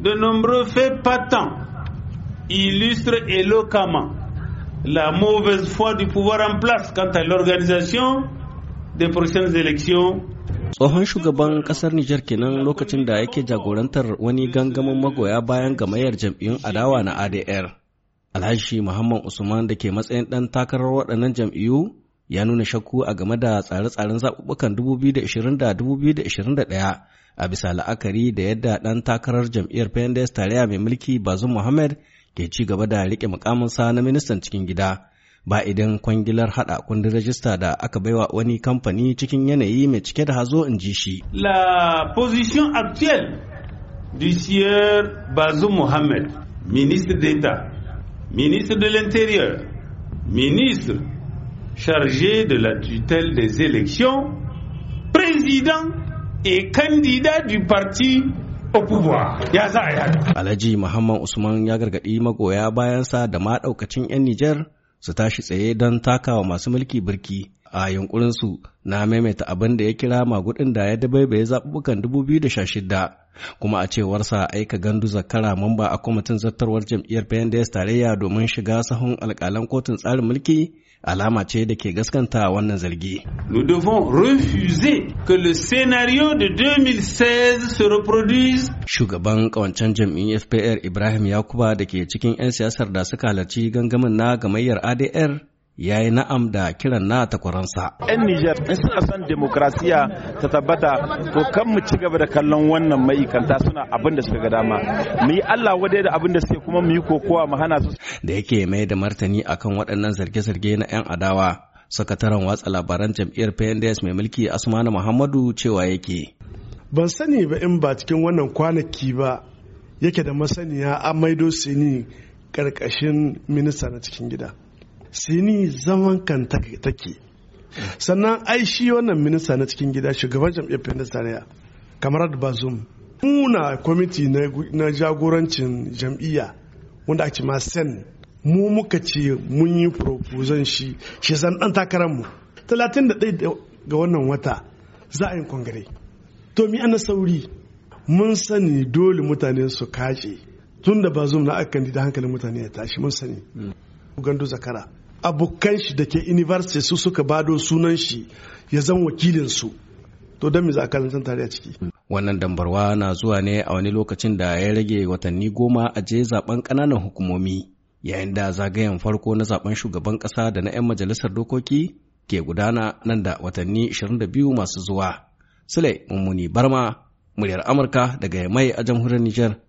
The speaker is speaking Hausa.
de nombreux faits patents illustrent éloquemment la mauvaise foi du pouvoir en place quant à l'organisation des prochaines élections tsohon shugaban kasar Nijar kenan lokacin da yake jagorantar wani gangamin magoya bayan gamayar jam'iyyun adawa na ADR. Alhaji Muhammad Usman da ke matsayin ɗan takarar waɗannan jam'iyyu ya nuna shakku a game da tsare-tsaren zaɓuɓɓukan 2020 da 2021 a bisa la'akari da yadda ɗan takarar jam'iyyar pendes tarayya mai mulki bazum muhammad ke ci gaba da riƙe mukaminsa na ministan cikin gida ba idan kwangilar haɗa kundin rajista da aka baiwa wani kamfani cikin yanayi mai cike da hazo in ji shi. La position actuelle du sieur Bazoum Mohamed, ministre d'État, ministre de l'Intérieur, ministre chargé de la tutelle des élections, président et candidat du parti au pouvoir. Ya Alhaji Muhammad Usman ya gargaɗi magoya bayansa da ma 'yan Nijar su tashi tsaye don takawa masu mulki birki a yunkurinsu na maimaita abin da ya kira magudin da ya dabaibaye zaɓuɓɓukan 2016. kuma a cewarsa aika gandu zakara mamba a kwamitin zartarwar jam'iyyar pnds tarayya domin shiga sahun alkalan kotun tsarin mulki alama ce da ke gaskanta wannan zargi. Nous devons refuser que le scénario de 2016 se reproduise. Shugaban kawancen jam'iyyar FPR Ibrahim Yakuba da ke cikin 'yan siyasar da suka halarci gangamin na gamayyar ADR ya yi na'am da kiran na takwaransa. 'Yan Nijar in suna son demokrasiya ta tabbata to kan mu ci gaba da kallon wannan ma'aikanta suna abin da suka ga dama. Mu yi Allah wadai da abin da suke kuma mu yi kokowa mu hana su. Da yake mai da martani akan waɗannan zarge-zarge na 'yan adawa. Sakataren watsa labaran jam'iyyar PNDS mai mulki Asmanu Muhammadu cewa yake. Ban sani ba in ba cikin wannan kwanaki ba yake da masaniya a maido sini karkashin minista na cikin gida. sini zaman kan take sannan ai shi wannan minista na cikin gida shugaban jam'iyyar minista ne kamar da bazum muna kwamiti na jagorancin jam'iyya wanda ake ma sen mu muka ce mun yi proposal shi shi san dan takarar mu 31 ga wannan wata za a yi kongare to mi ana sauri mun sani dole mutane su kace tun da bazum na akan da hankalin mutane ya tashi mun sani mm. gandu zakara abokan shi da ke university su suka bado sunan shi ya zan wakilin su to don me za a kalantar a ciki wannan dambarwa na zuwa ne a wani lokacin da ya rage watanni goma a je zaben kananan hukumomi yayin da zagayen farko na zaben shugaban ƙasa da na 'yan majalisar dokoki ke gudana nan da watanni 22 masu zuwa. Sule Mummuni Barma, muryar Amurka daga mai a jamhuriyar Nijar.